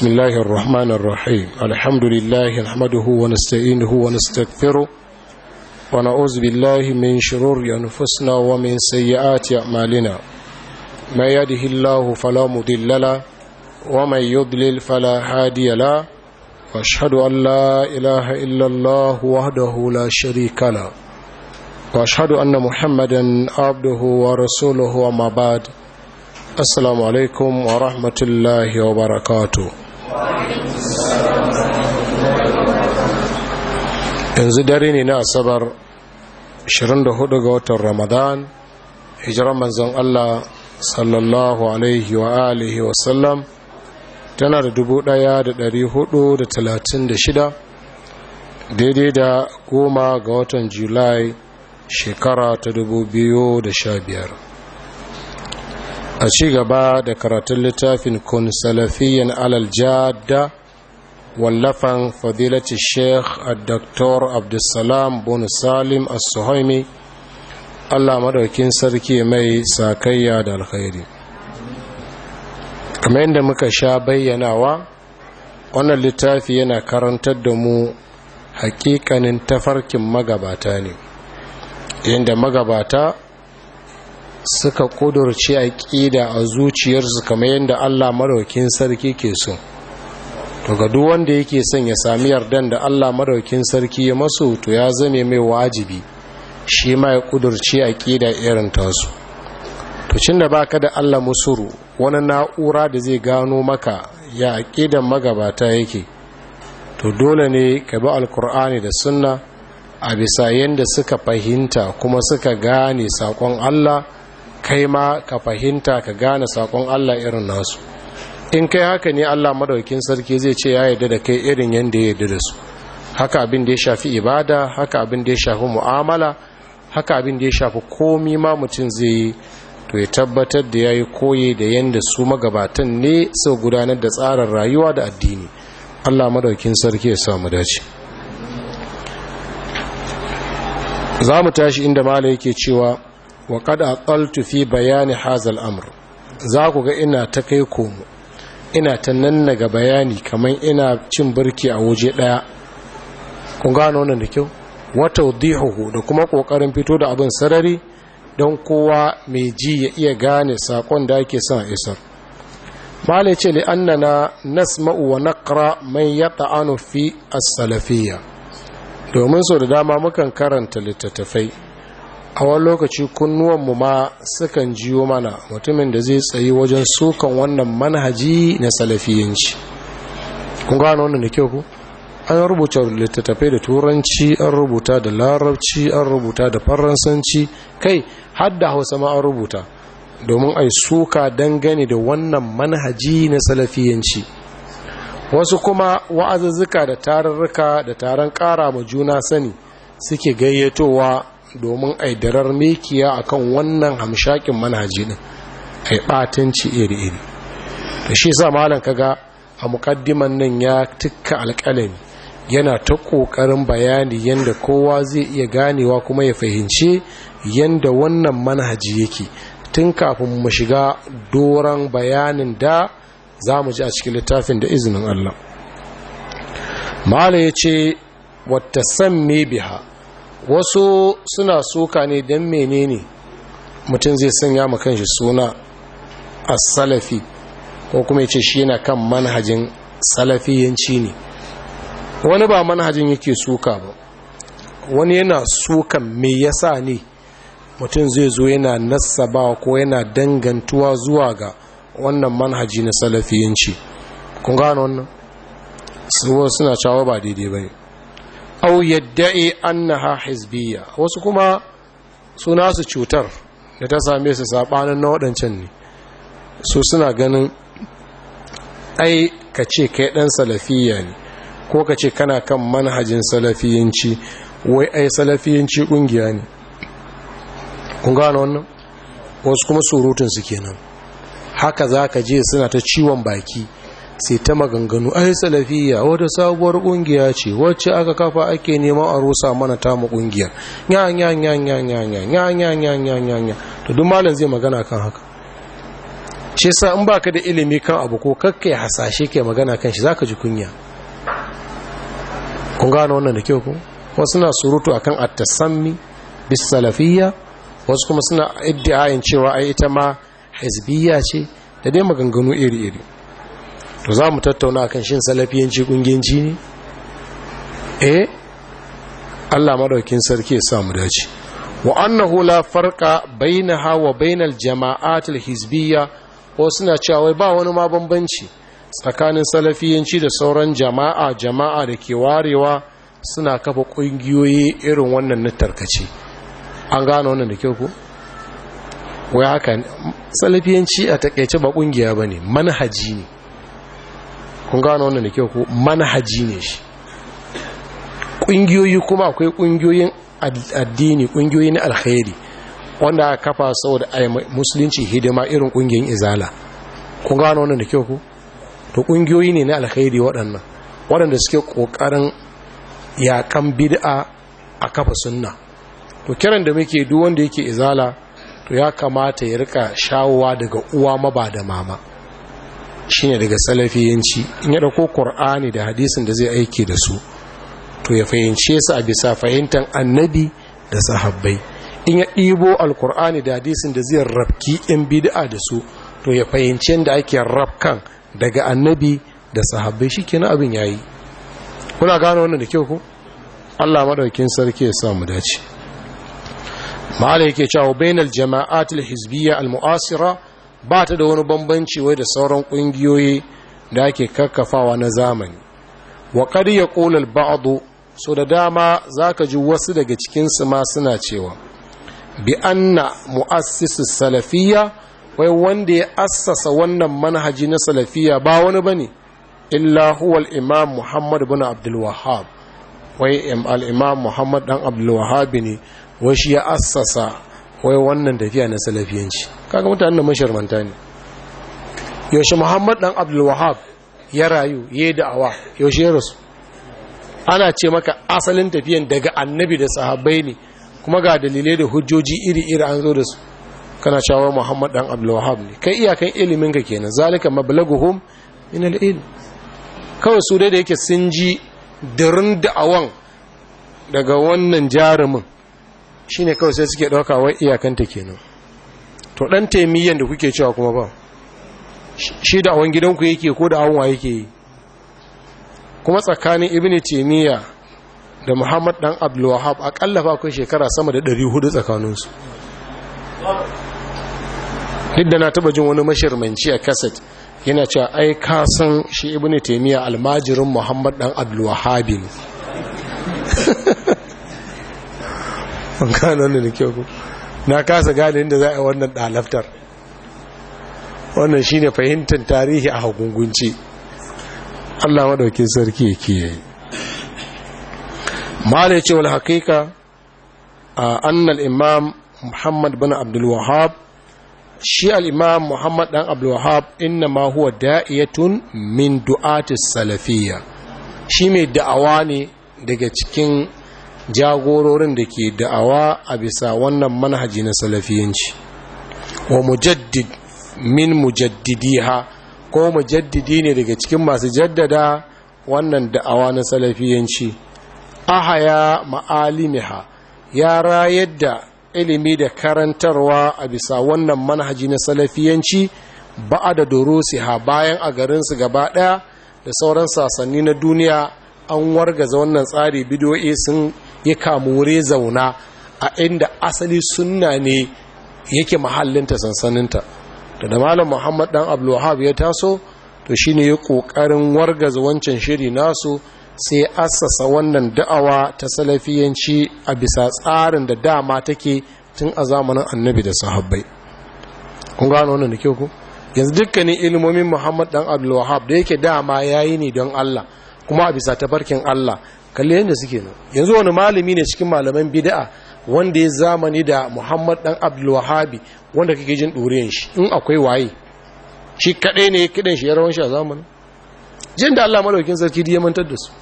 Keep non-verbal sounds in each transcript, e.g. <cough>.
بسم الله الرحمن الرحيم الحمد لله نحمده ونستعينه ونستغفره ونعوذ بالله من شرور أنفسنا ومن سيئات أعمالنا ما يده الله فلا مضل له ومن يضلل فلا هادي له واشهد أن لا إله إلا الله وحده لا شريك له واشهد أن محمدا عبده ورسوله وما بعد السلام عليكم ورحمة الله وبركاته yanzu dare ne na asabar 24 ga watan ramadan hijiran manzon Allah sallallahu alaihi wa alihi wa sallam tana da da talatin shida daidai da goma ga watan julai shekara ta da sha biyar. a ci gaba da karatun littafin kun salafiyan alal jada wallafan fadilati sheikh a doktor abdulsalam bin salim as-suhaimi allah madaukin sarki mai sakayya da alkhairi kamar yadda muka sha bayyanawa wannan littafi yana karantar da mu hakikanin tafarkin magabata ne yadda magabata suka kudurci aƙida a zuciyarsu kamar yadda Allah maraukin sarki ke so to ga duk wanda yake son ya sami yardan da Allah maraukin sarki ya masu to ya zame mai wajibi shi ma ya kudurci aƙida irin tasu to cin da baka da Allah musuru wani na'ura da zai gano maka ya aƙidan magabata yake to dole ne ka bi alkur'ani da sunna a bisa yadda suka fahimta kuma suka gane saƙon Allah kai ma ka fahimta ka gane sakon Allah irin nasu in kai haka ne Allah madaukin sarki zai ce ya yarda da kai irin yanda ya yarda da su haka abin da ya shafi ibada haka abin da ya shafi mu'amala haka abin da ya shafi komi ma mutum zai yi to ya tabbatar da yayi yi koyi da yanda su magabatan ne sau gudanar da tsarin rayuwa da addini allah madaukin sarki ya samu dace za mu tashi inda malai yake cewa wa kada tsaltu fi bayani hazal amr za ku ga ina ta kai komo ina ta nannaga bayani kamar ina cin birki a waje ɗaya kun gano wannan da kyau wata dihuhu da kuma ƙoƙarin fito da abin sarari don kowa mai ji ya iya gane saƙon da ake son isar malai ce li annana nasma'u wa naqra man yata'anu fi as-salafiyya domin so da dama mukan karanta littattafai a wani lokaci kunnuwanmu ma sukan jiyo mana mutumin da zai tsayi wajen sukan wannan manhaji na salafiyanci kun gano wannan da kyau ku an rubuta littattafai da turanci an rubuta da larabci an rubuta da faransanci kai hadda hausa ma an rubuta domin ai suka dangane da wannan manhaji na salafiyanci wasu kuma wa'azuzzuka da tarurruka da taron kara ma juna sani suke gayyatowa domin aidarar mekiya akan wannan hamshakin manhaji din ai batanci iri-iri da shi sa malam kaga a mukaddiman nan ya tukka alkalin yana ta ƙoƙarin bayani yadda kowa zai iya ganewa kuma ya fahimci yadda wannan manhaji yake tun kafin mu shiga doron bayanin da za mu ji a cikin littafin da izinin Allah mala ya ce wata san ha wasu suna suka ne don menene mutum zai sanya ma shi suna a salafi ko kuma ce shi yana kan manhajin salafiyanci ne wani ba manhajin yake suka ba wani yana sukan me yasa ne mutum zai zo yana nassaba ko yana dangantuwa zuwa ga wannan manhaji na salafiyanci kun gano wannan suna cewa ba daidai ba au yadda'i annaha hizbiyya wasu kuma suna su cutar da ta same su sabanin na waɗancan ne su suna ganin ai ka ce kai ɗan salafiya ne ko ka ce kana kan manhajin salafiyanci wai ai salafiyanci ƙungiya ne kun gano wannan wasu kuma surutun su kenan haka za ka je suna ta ciwon baki sai ta maganganu ai salafiya wata sabuwar kungiya ce wacce aka kafa ake neman a rusa mana ta mu kungiyar nya nya nya nya nya nya nya nya nya nya nya nya to duk malam zai magana kan haka shi yasa in baka da ilimi kan abu ko kakkai hasashe kai magana kan shi zaka ji kunya kun gano wannan da kyau ko wasu na surutu akan at-tasammi bis salafiyya wasu kuma suna iddiayin cewa ai ita ma hizbiyya ce da dai maganganu iri-iri to za mu tattauna kan shin salafiyanci kungiyanci ne eh Allah madaukin sarki ya sa mu dace wa annahu la farqa bainaha wa bainal jama'at al-hizbiyya ko suna cewa wai ba wani ma bambanci tsakanin salafiyanci da sauran jama'a jama'a da ke warewa suna kafa kungiyoyi irin wannan na tarkace an gano wannan da kyau ko wai haka salafiyanci a takeice ba kungiya bane manhaji ne kun gano wannan da kyau ko manhaji ne shi ƙungiyoyi kuma akwai ƙungiyoyin addini ƙungiyoyi na alkhairi wanda aka kafa saboda ai musulunci hidima irin ƙungiyoyin izala kun gano wannan da kyau ko to ƙungiyoyi ne na alkhairi waɗannan waɗanda suke ƙoƙarin yaƙan bid'a a kafa sunna to kiran da muke duk wanda yake izala to ya kamata ya rika shawowa daga uwa maba da mama shine daga salafiyanci in ya dauko qur'ani da hadisin da zai aike da su to ya fahimce su a bisa fahimtar annabi da sahabbai in ya ɗibo alkur'ani da hadisin da zai rabki in bid'a da su to ya fahimci da ake rafkan daga annabi da sahabbai shi kenan abin yayi kuna gano wannan da kyau ku Allah madaukin sarki ya mu dace ma'ala yake cewa bainal jama'at al-hizbiyya al-mu'asira ba ta da wani bambanci wai da sauran ƙungiyoyi da ake kakkafawa na zamani wa karya ya ƙolal ba'adu so da dama za ka ji wasu daga cikinsu ma suna cewa bi anna mu'assisu salafiya wai wanda ya assasa wannan manhaji na salafiya ba wani bane illa huwa imam muhammad bin abdul wahhab wai al-imam muhammad dan abdul wahhab ne wai shi ya assasa wai wannan tafiya na salafiyanci kaga mutanen da masharmanta ne yaushe muhammad dan abdul wahab ya rayu ya yi da'awa yaushe ya rasu ana ce maka asalin tafiyan daga annabi da sahabbai ne kuma ga dalilai da hujjoji iri-iri an zo da su kana cewa muhammad dan abdul wahab ne kai iyakan ilimin ka kenan zalika mablaguhum min al kawai su dai da yake sun ji dirin da'awan daga wannan jarumin Shi ne kawai sai suke dauka wai iyakanta kenan to ɗan taimiyan da kuke cewa kuma ba shi da awon gidanku yake ko da awon waye yake yi kuma tsakanin ibn taimiyya da muhammad dan abdulwahab akalla fa akwai shekara sama da 400 tsakaninsu duk na taba jin wani mashirmanci a kaset yana cewa ai ka san shi ibn taimiyya almajirin muhammad dan abdulwahab ne <laughs> an gano da kyau na kasa gane inda za a wannan ɗalaftar wannan shi ne fahimtar tarihi a hagungunci allah maɗauki sarki ya kiyaye mala ya ce wani haƙiƙa a annal imam muhammad bin abdulwahab shi al'imam muhammad ɗan abdulwahab inna ma huwa da'iyatun min du'atis salafiya shi mai da'awa ne daga cikin jagororin da ke da'awa a bisa wannan manhaji na salafiyanci wa mujaddid min mujaddidiha ko mujaddidi ne daga cikin masu jaddada wannan da'awa na salafiyanci ahaya ma'alimiha ya rayar da ilimi da karantarwa a bisa wannan manhaji na salafiyanci ba'a da ha, bayan a garinsu gaba ɗaya da sauran sasanni na duniya an wargaza wannan tsari bidiyoyi sun ya kamu wuri zauna a inda asali sunna ne yake mahallinta sansaninta da da malam muhammad dan abdulwahab ya taso to shine ya kokarin wargaza wancan shiri nasu sai assasa wannan da'awa ta salafiyanci a bisa tsarin da dama take tun a zamanin annabi da sahabbai kun gano wannan ku yanzu dukkanin ilimomin muhammad dan abdulwahab da yake dama yayi ne don allah kuma a bisa tafarkin allah kalli yadda suke nan yanzu wani malami ne cikin malaman bid'a wanda ya zamani da muhammad dan Wahabi, wanda kake jin ɗoriyan shi in akwai waye shi kaɗai ne kiɗan shi ya rawan shi a zamanin jin da allah malaukin sarki ya mantar da su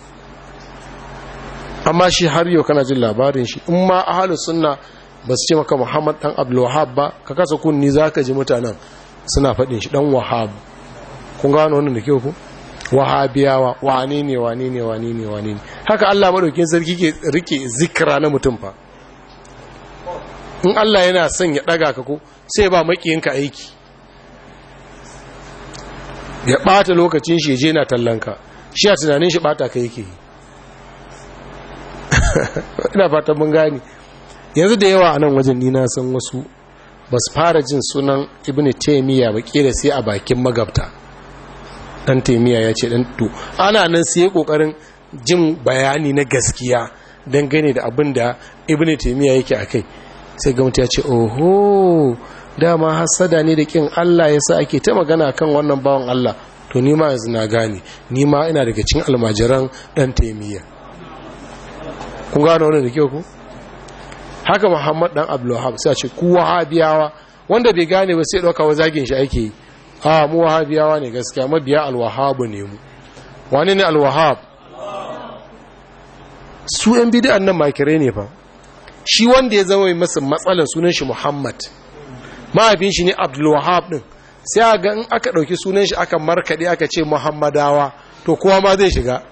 amma shi har yau kana jin labarin shi in ma ahalu sunna ba su ce maka muhammad dan abdulwahab ba ka kasa kunni za ka ji mutanen suna faɗin shi dan wahab kun gano wannan da kyau ku wahabiyawa wane ne wane ne wane ne wane ne haka Allah maɗaukin sarki ke rike zikira na mutum fa in Allah yana son ya ɗaga ka ko sai ba makiyinka aiki ya ɓata lokacin shi je na tallanka shi a tunanin shi ɓata ka yake <laughs> ina fatan mun gane yanzu da yawa a nan wajen ni na san wasu ba su fara jin sunan ibn taimiyya ba kila sai a bakin magabta dan taimiya ya ce dan to ana nan sai ya kokarin jin bayani na gaskiya dangane da abin da ibnu taimiya yake akai sai gwamnati ya ce oho dama hasada ne da kin Allah yasa ake ta magana kan wannan bawan Allah to ni ma yanzu na gane ni ma ina daga cikin almajiran dan taimiya kun gano wannan da kyau ku haka muhammad dan abdulwahab sai a ce ku wahabiyawa wanda bai gane ba sai dauka wa zagin shi ake yi a mu wahabiyawa ne gaskiya mabiya alwahabu ne mu wani ne alwahab su yan bidi'an nan makirai ne fa shi wanda ya zama masa matsalar sunan shi muhammad mahaifin shi ne abdulwahab din sai a ga in aka ɗauki sunan shi aka markaɗe aka ce muhammadawa to kowa ma zai shiga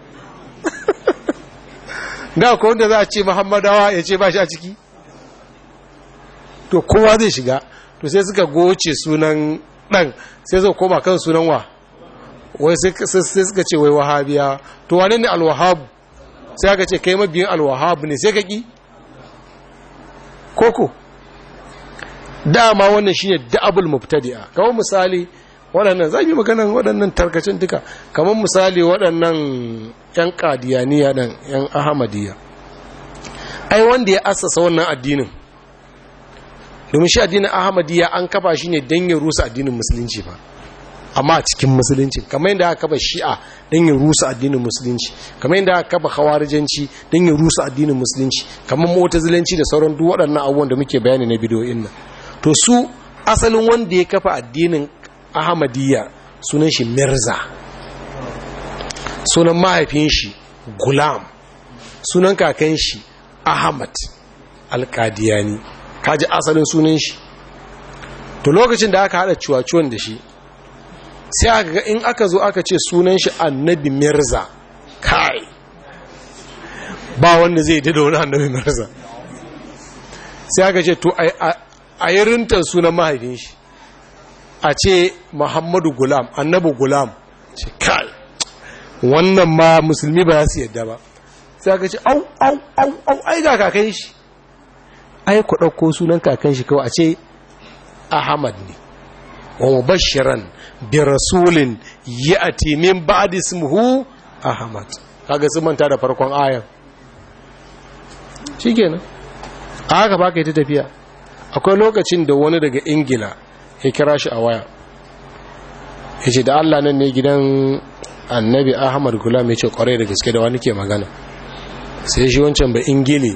ga <laughs> ko wanda za a ce muhammadawa ya ce ba shi a ciki to kowa zai shiga to sai suka goce sunan ɗan sai suka koma kan sunan wa wai sai suka ce wai wahabiya to wane ne alwahabu sai aka ce kai mabiyin alwahabu ne sai ka ƙi koko dama wannan shi ne da'abul mubtadi'a kamar misali waɗannan za yi maganan waɗannan tarkacin duka kamar misali waɗannan 'yan Qadiyaniya ɗan 'yan Ahmadiyya. ai wanda ya assasa wannan addinin domin shi addinin ahmadiyya an kafa shi ne don yin rusa addinin musulunci ba amma a cikin musulunci kamar yadda aka kafa shi'a don yin rusa addinin musulunci kamar yadda aka kafa hawarijanci don yin rusa addinin musulunci kamar mu'tazilanci da sauran duk waɗannan abubuwan da muke bayani na bidiyoyin nan to su asalin wanda ya kafa addinin ahmadiyya sunan shi mirza sunan mahaifin shi gulam sunan kakan shi ahmad alkadiyani Ka ji asalin sunan shi to lokacin da aka hada ciwaciwon da shi sai aka ga in aka zo aka ce sunan shi annabi mirza kai ba wanda zai da wani annabi mirza sai aka ce to a yi rintar sunan mahaifin shi a ce muhammadu gulam annabi gulam ce kai wannan ma musulmi ba ya su yadda ba sai aka ce au au au au ai ga kakai shi ai ku ɗauko sunan kakan shi kawai a ce ahmad ne wa mubashiran bi rasulin ya'ti min ba'di ismuhu ahmad kaga sun manta da farkon ayan shikenan a haka ba ka yi ta tafiya akwai lokacin da wani daga ingila ya kira shi a waya ya ce da allah nan ne gidan annabi ahmad gulam ya ce kwarai da gaske da wani ke magana sai shi wancan ba ingili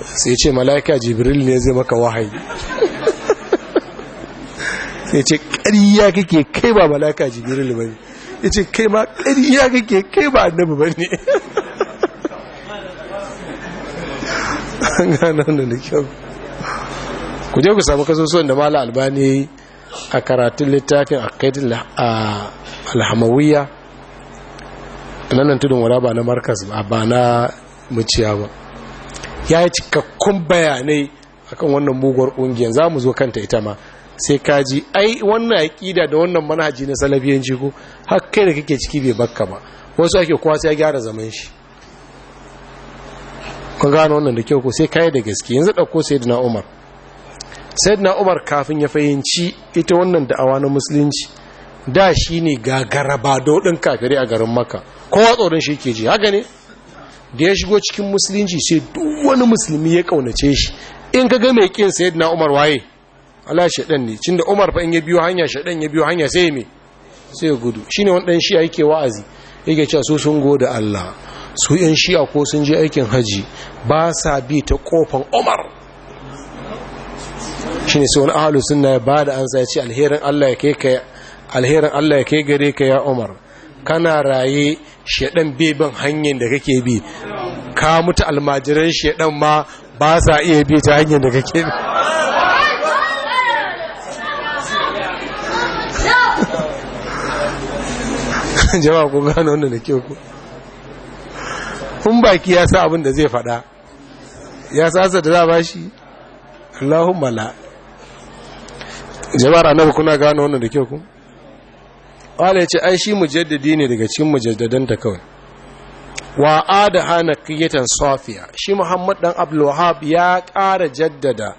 sai ce mala'ika jibril ne zai maka wahayi sai ce ƙariya kake kai ba mala'ika jibril ba ne ya ce kai ma ƙariya kake kai ba annabi ba ne an da kyau ku je ku samu kasusuwan da mala albani a karatun littafin a kaidin Alhamawiyya. nan tudun wala ba na markas ba na muciya ba ya yi cikakkun bayanai akan wannan muguwar ƙungiyar za mu zo kanta ita ma sai kaji ai wannan aƙida da wannan manhaji na salafiyanci ko har kai da kake ciki bai bakka ba wasu ake kuma sai ya gyara zaman shi kun gane wannan da kyau ko sai kai da gaske yanzu ɗauko na'umar umar da na'umar kafin ya fahimci ita wannan da'awa na musulunci da shi ne gagaraba dodin kafiri a garin maka kowa tsoron shi ke ji haka ne da ya shigo cikin musulunci sai duk wani musulmi ya kaunace shi in ka ga mai kin sayyidina Umar waye Allah shaɗan ne cinda Umar fa in ya biyo hanya shaɗan ya biyo hanya sai me sai ya gudu shine wani dan shi yake wa'azi yake cewa su sun goda Allah su yan shi'a ko sun je aikin haji ba sa bi ta kofan Umar shine sai wani ahlu sunna ya bada an sai ce alherin Allah ya kai Allah ya kai gare ka ya Umar kana raye shedan beban hanyar da kake bi ka mutu almajiran shedan ma ba sa iya bi ta hanyar da kake bi <laughs> jama'a ku gano wanda da ke ku kun baki ya sa abin da zai fada ya sasa da za ba shi allahun mala jama'a ranar kuna gano wannan da ke ku wala ya ce ai shi mujaddadi ne daga cikin mujaddadan ta kawai wa hana kiyatan sofiya shi muhammad dan abdulwahab ya ƙara jaddada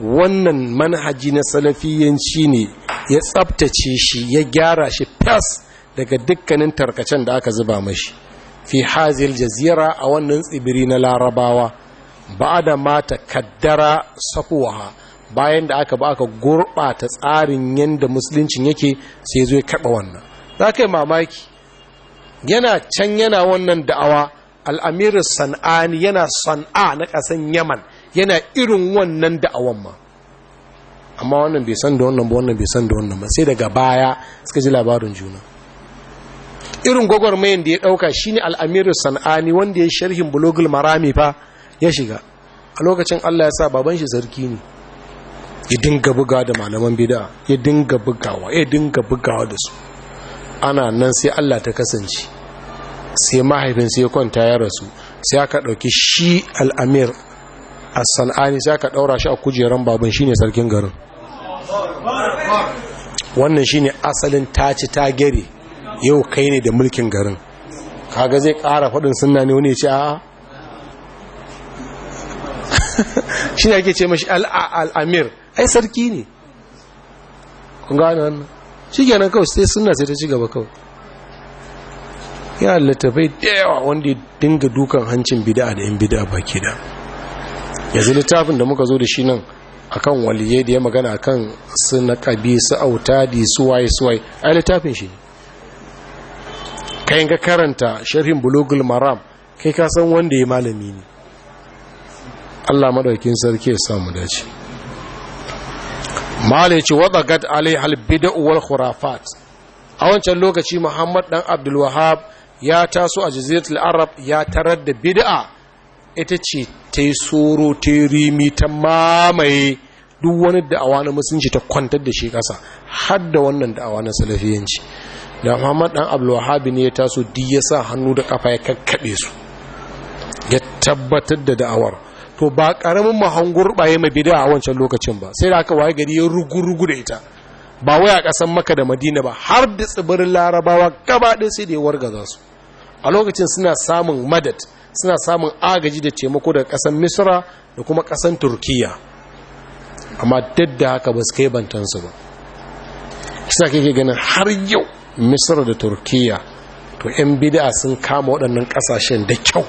wannan manhaji na salafiyanci ne ya tsabtace shi ya gyara shi fas daga dukkanin tarkacen da aka zuba mashi fi hazil jazira a wannan tsibiri na larabawa ba da mata kaddara sakuwa. bayan da aka ba aka gurɓata tsarin yadda musuluncin yake sai zo ya kaɓa wannan za ka yi mamaki yana can yana wannan da'awa al'amir san'ani yana san'a na ƙasan yaman yana irin wannan da'awan ma amma wannan bai san da wannan ba wannan bai san da wannan ba sai daga baya suka ji labarin juna irin gwagwarmayin da ya ɗauka shi ne al'amir san'ani wanda ya sharhin bulogul marami fa ya shiga a lokacin allah ya sa baban shi sarki ne ya dinga bugawa da malaman bida ya dinga bugawa ya dinga bugawa da su ana nan sai Allah ta kasance sai mahaifin sai kwanta ya rasu sai aka ɗauki shi al'amir a san'ani sai aka ɗaura shi a kujeran baban shi ne sarkin garin wannan shi ne asalin taci ta gari yau kai ne da mulkin garin kaga zai ƙara faɗin suna ne wani ce a <laughs> shi ne ake ce mashi al'amir ai sarki ne kun gane wannan shi kenan kawai sai suna sai ta ci gaba kawai yana littafai da yawa wanda ya dinga dukan hancin bida da yan bida baki da yanzu littafin da muka zo da shi nan akan waliyai da ya magana akan su na kabi su autadi su waye su waye ai littafin shi ne yi ga karanta sharhin bulogul maram kai ka san wanda ya malami ne Allah madaukin sarki ya samu dace malai ce wadagat alai halbida uwar khurafat a wancan lokaci muhammad dan abdulwahab ya taso a jaziratul arab ya tarar da bid'a ita ce ta yi tsoro ta yi rimi ta mamaye duk wani da'awa na musulunci ta kwantar da shi kasa har da wannan da'awa na salafiyanci da muhammad dan abdulwahab ne ya taso diya sa hannu da kafa ya kakkaɓe su ya tabbatar da da'awar to ba karamin gurbaye mai bid'a a wancan lokacin ba sai da aka waye gari ya rugu da ita ba waya a ƙasan maka da madina ba har da tsibirin larabawa gaba ɗaya sai da ya za su a lokacin suna samun madad suna samun agaji da taimako daga ƙasan misra da kuma ƙasan turkiya amma duk da haka ba su kai bantansu ba kisa kake ganin har yau misra da turkiya to 'yan bida sun kama waɗannan ƙasashen da kyau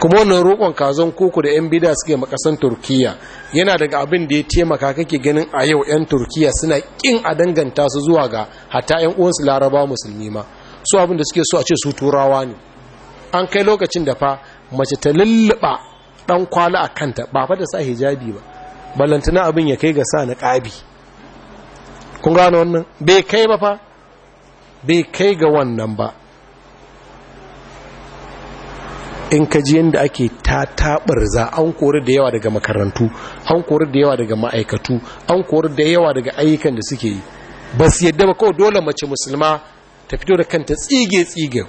kuma wannan roƙon kazon koko da 'yan bida suke makasan turkiya yana daga abin da ya taimaka kake ganin a yau 'yan turkiya suna ƙin a danganta su zuwa ga hata 'yan uwansu laraba musulmi ma su abin da suke so a ce su turawa ne an kai lokacin da fa mace ta lulluɓa ɗan kwala a kanta ba fa da sa hijabi ba ballantana abin ya kai ga sa na ƙabi kun gano wannan bai kai ba fa bai kai ga wannan ba in ka ji yadda ake ta za an kori da yawa daga makarantu an kori da yawa daga ma'aikatu an kori da yawa daga ayyukan da suke yi ba su yadda ba kawai dole mace musulma ta fito da kanta tsige-tsige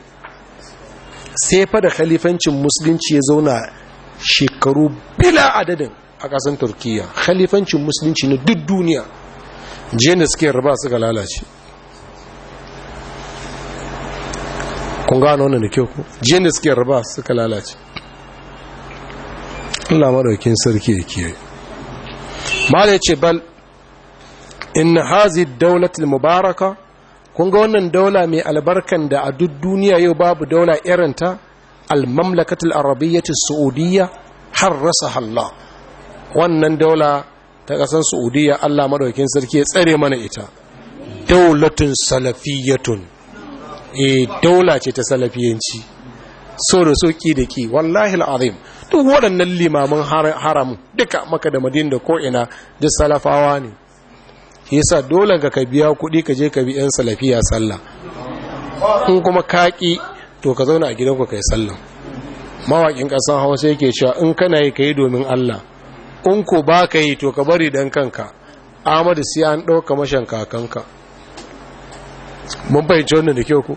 sai fa da khalifancin musulunci ya zauna shekaru bila adadin a ƙasar turkiya khalifancin musulunci na duk duniya jiyan da suke raba suka lalace kun gano wannan da kyau ku jiyan da suke raba suka lalace Allah madaukin sarki ya kiyaye mala yace bal in hazi daulatul mubaraka kun ga wannan daula mai albarkan da a duk duniya yau babu daula irinta al-mamlakatul arabiyyatus saudiyya rasa Allah wannan daula ta kasan saudiyya Allah madaukin sarki ya tsare mana ita daulatun salafiyatun E, daula ce ta salafiyanci so da so ki da ki wallahi al'azim duk waɗannan limamin haram duka maka da madin da ko ina duk salafawa ne yasa dole ga ka biya kuɗi ka je ka bi yan salafiya sallah in kuma kaki to ka zauna a gidanku kai sallah Mawaƙin ƙasar hausa yake cewa in kana yi ka yi domin Allah in ko ba ka yi to ka bari dan kanka Ahmadu sai an ɗauka mashan kakanka mun fahimci wannan da kyau ku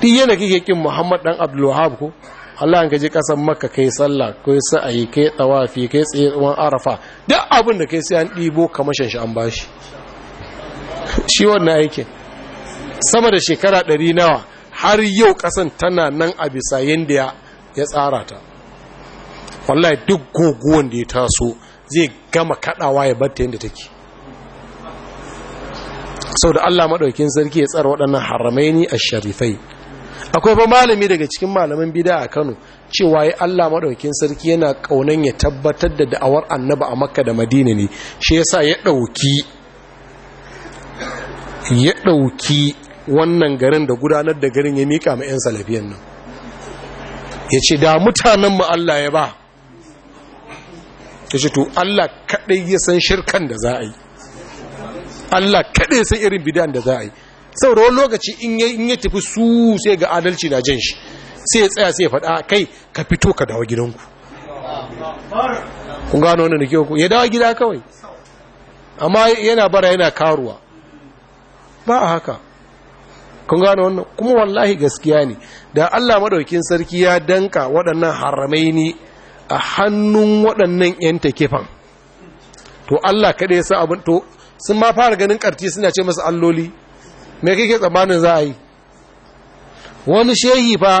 duk yana kike kin muhammad dan abdulwahab ku Allah an ka je kasan makka kai sallah kai sa'ayi kai yi kai tsawon arafa duk abin da kai sai an ɗibo kamar shi an bashi shi wannan aikin sama da shekara ɗari nawa har yau ƙasan tana nan a bisa yadda ya tsara ta wallahi duk guguwan da ya taso zai gama kaɗawa ya ta yadda take sau da Allah maɗaukin sarki ya tsara waɗannan ne a sharifai akwai ba malami daga cikin malaman bida a kano cewa ya Allah maɗaukin sarki yana ƙaunan ya tabbatar da da'awar annaba a makka da madina ne shi yasa ya ɗauki ya ɗauki wannan garin da gudanar da garin ya miƙa ma 'yan salafiyan nan ya ce da mutanenmu Allah ya ba ta ce to Allah kaɗai ya san shirkan da za a yi Allah kaɗai sai irin bidan da za a yi saboda wani lokaci in ya tafi su sai ga adalci na jan shi sai ya tsaya sai ya faɗa kai ka fito ka dawo gidanku kun gano wani nake ku ya dawo gida kawai amma yana bara yana karuwa ba a haka kun gano wannan kuma wallahi gaskiya ne da Allah madaukin sarki ya danka waɗannan haramai ne a hannun waɗannan 'yan takifan to Allah kaɗai ya sa abin to sun ma fara ganin karti suna ce masu alloli mai kake tsammanin za a yi wani shehi fa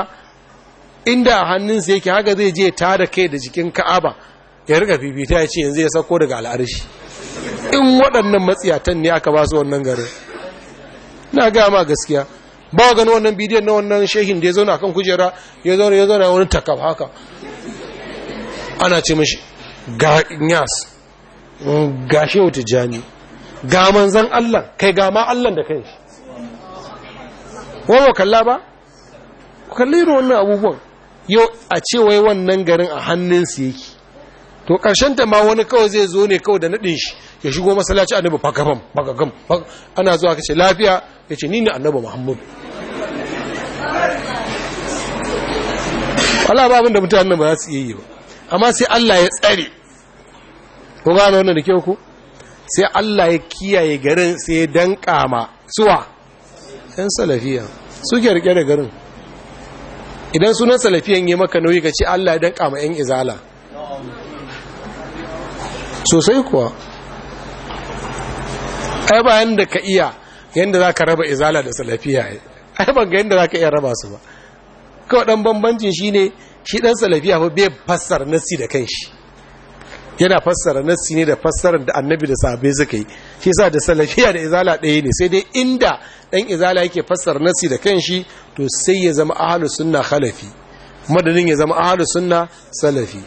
inda a hannunsa yake haka zai je ta da kai da jikin ka'aba ya rika fifita ya ce yanzu ya sauko daga al'arshi in waɗannan matsiyatan ne aka ba su wannan gari na gama gaskiya ba wa gani wannan bidiyon na wannan shehin da ya zauna kan kujera ya zauna ya zauna wani takaf haka ana ce mashi ga ga shehu tijjani ga manzan Allah kai ga ma Allah da kai wawo kalla ba kalli irin wannan abubuwan yau a ce wai wannan garin a hannunsu yake to ƙarshen ta ma wani kawai zai zo ne kawai da naɗin shi ya shigo masalaci annabi fagagam fagagam ana zuwa kace lafiya ya ce ni ne annabi muhammadu wala ba abin da mutanen ba za su iya yi ba amma sai Allah ya tsare ko gano wannan da kyau ko sai Allah ya kiyaye garin sai ya danka ma suwa ɗan salafiya suke rike da garin idan sunan salafiyan yi maka nauyi ka ce Allah ya danka ma ‘yan izala sosai kuwa ai bayan da ka iya yadda za ka raba izala da salafiya ai ban ga yadda za ka iya raba su ba kawai ɗan bambancin shi ne shi ɗan salafiya ba bai fassar nasi da kanshi yana fassara nassi ne da fassarar da annabi da sahabbai suka yi shi yasa da salafiya da izala ɗaya ne sai dai inda ɗan izala yake fassara nassi da kanshi to sai ya zama ahlus sunna khalafi madadin ya zama ahlus sunna salafi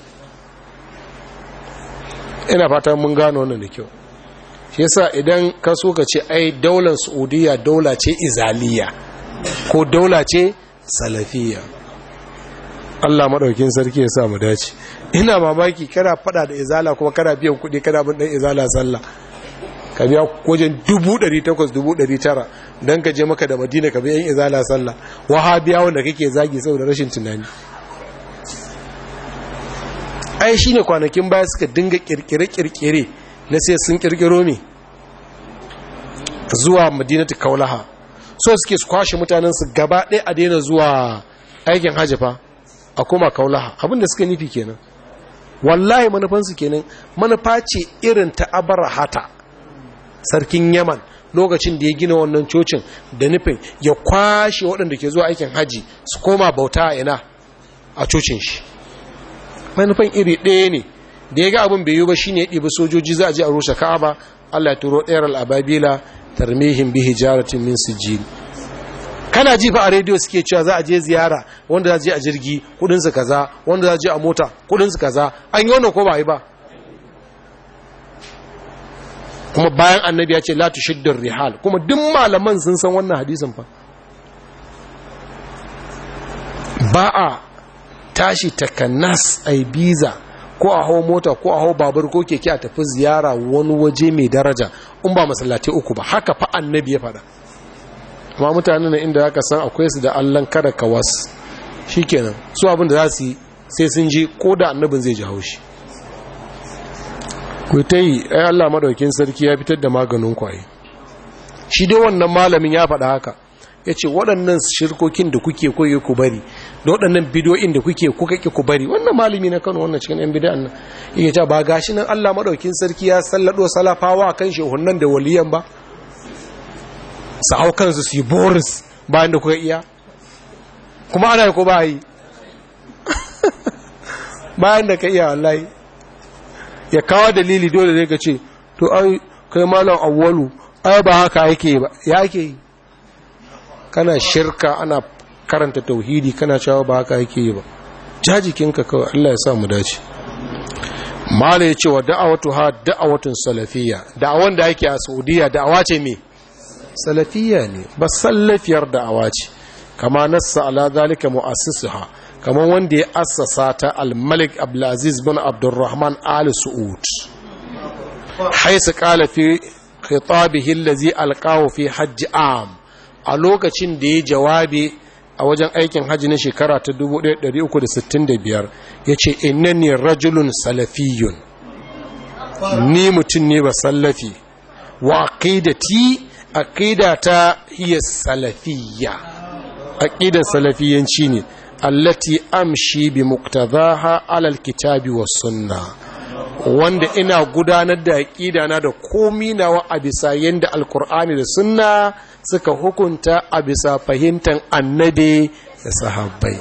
ina fatan mun gano wannan da kyau shi yasa idan ka so ka ce ai daular saudiya daula ce izaliya ko daula ce salafiya Allah maɗaukin sarki ya sa mu dace ina mamaki kana fada da izala kuma kana biyan kuɗi kana bin dan izala sallah ka biya wajen 1800 don ka je maka da madina ka biyan izala sallah wahabiya wanda kake zagi saboda rashin tunani ai shi ne kwanakin baya suka dinga kirkire-kirkire na sai sun kirkiro me zuwa ta kaulaha so suke su kwashe mutanen su gaba ɗaya a daina zuwa aikin hajjafa a koma kaulaha abinda suka nufi kenan wallahi manufansu kenan manufa ce irin ta hata sarkin yaman lokacin da ya gina wannan cocin da nufin ya kwashe waɗanda ke zuwa aikin haji su koma bauta a ina a cocin shi manufan iri ɗaya ne da ya ga abin bai yi ba shine ya ɗibi sojoji za a je a rushe ka'aba allah ya turo ɗayar al'ababila tarmihin bihi jaratin min sijil kana ji fa a rediyo suke cewa za a je ziyara wanda za a je a jirgi kudinsu kaza wanda za a je a mota kudinsu kaza an yi wannan ko ba yi ba kuma bayan annabi ya ce la tushiddar rihal kuma duk malaman sun san wannan hadisin fa ba a tashi takanas ai biza ko a hau mota ko a hau babur ko keke a tafi ziyara wani waje mai daraja in ba masallatai uku ba haka fa annabi ya faɗa amma mutane na inda aka san akwai su da allan kada ka shi kenan su abin da za su yi sai sun ji ko da annabin zai ji haushi ku ta yi ai allah madaukin sarki ya fitar da maganin kwaye shi dai wannan malamin ya faɗa haka ya ce waɗannan shirkokin da kuke koyi ku bari da waɗannan bidoyin da kuke kuka ƙi ku bari wannan malami na kano wannan cikin 'yan bidiyan nan iya ta ba gashi nan allah maɗaukin sarki ya sallado salafawa kan shehunan da waliyan ba su hau kansu su yi boris bayan da kuka iya kuma ana yi ko ba yi <laughs> bayan da ka iya wallahi ya kawo dalili dole zai ka ce to ai kai malam awwalu ai ba haka yake ba ya ake yi kana shirka ana karanta tauhidi kana cewa ba haka yake yi ba jajikinka kawai Allah ya sa mu dace mala ya ce wa da'awatu ha da'awatun salafiyya da'awan da ake a Saudiya da'awa ce me salafiya ne ba sallafiyar da'awa ce kama nassa ala zalika mu'assisuha kamar wanda ya assasa ta al-malik abdulaziz bin abdulrahman ali su'ud haisu kala fi khitabihi allazi fi hajji am a lokacin da ya jawabi a wajen aikin hajji na shekara ta 1365 yace innani rajulun salafiyun ni mutum ne ba sallafi wa aqidati aqida ta hiya salafiyya aqida salafiyanci ne allati amshi bi muqtadaha alal kitabi wa sunna wanda ina gudanar da aqida na da komi nawa a bisa yanda alqur'ani da sunna suka hukunta a bisa fahimtar annabi da sahabbai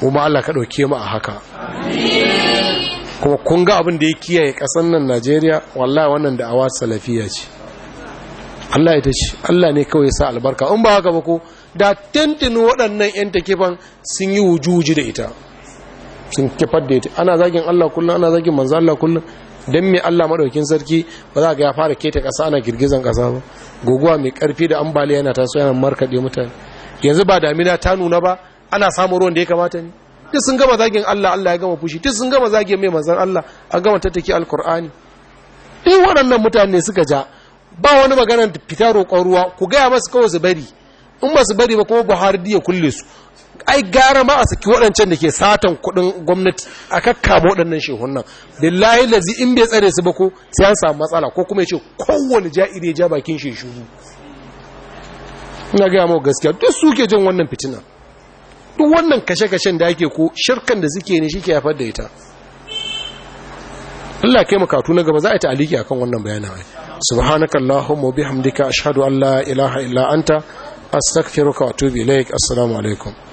kuma Allah ka dauke mu a haka kuma kun ga abin da ya kiyaye ƙasar nan Najeriya wallahi wannan da'awa salafiya ce Allah ita ce Allah ne kawai sa albarka in ba haka ba ko da tintin waɗannan 'yan takifan sun yi wujuji da ita sun kifar da ita ana zagin Allah kullum ana zagin manzo Allah kullum dan me Allah madaukin sarki ba za ga ya fara keta kasa ana girgizan kasa ba goguwa mai ƙarfi da ambaliya yana taso yana markaɗe mutane yanzu ba damina ta nuna ba ana samun ruwan da ya kamata ne duk sun gama zagin Allah Allah ya gama fushi duk sun gama zagin mai manzo Allah an gama tattaki alkur'ani duk waɗannan mutane suka ja ba wani magana fita roƙon ruwa ku gaya masu kawai su bari in ba su bari ba kuma buhari ya kulle su ai gara ma a saki waɗancan da ke satan kuɗin gwamnati a kakkama waɗannan shehunan billahi lazi in bai tsare su ba ko sai an samu matsala ko kuma ya ce kowane ja'iri ya ja bakin shi shuru ina gaya mawa gaskiya duk suke jin wannan fitina duk wannan kashe-kashen da ake ko shirkan da suke ne shi ke haifar da ita Allah kai makatu na gaba za a yi akan wannan bayanin subhanaka allahumma bihamdika ashhadu an la ilaha illa anta astaghfiruka wa atubu assalamu alaikum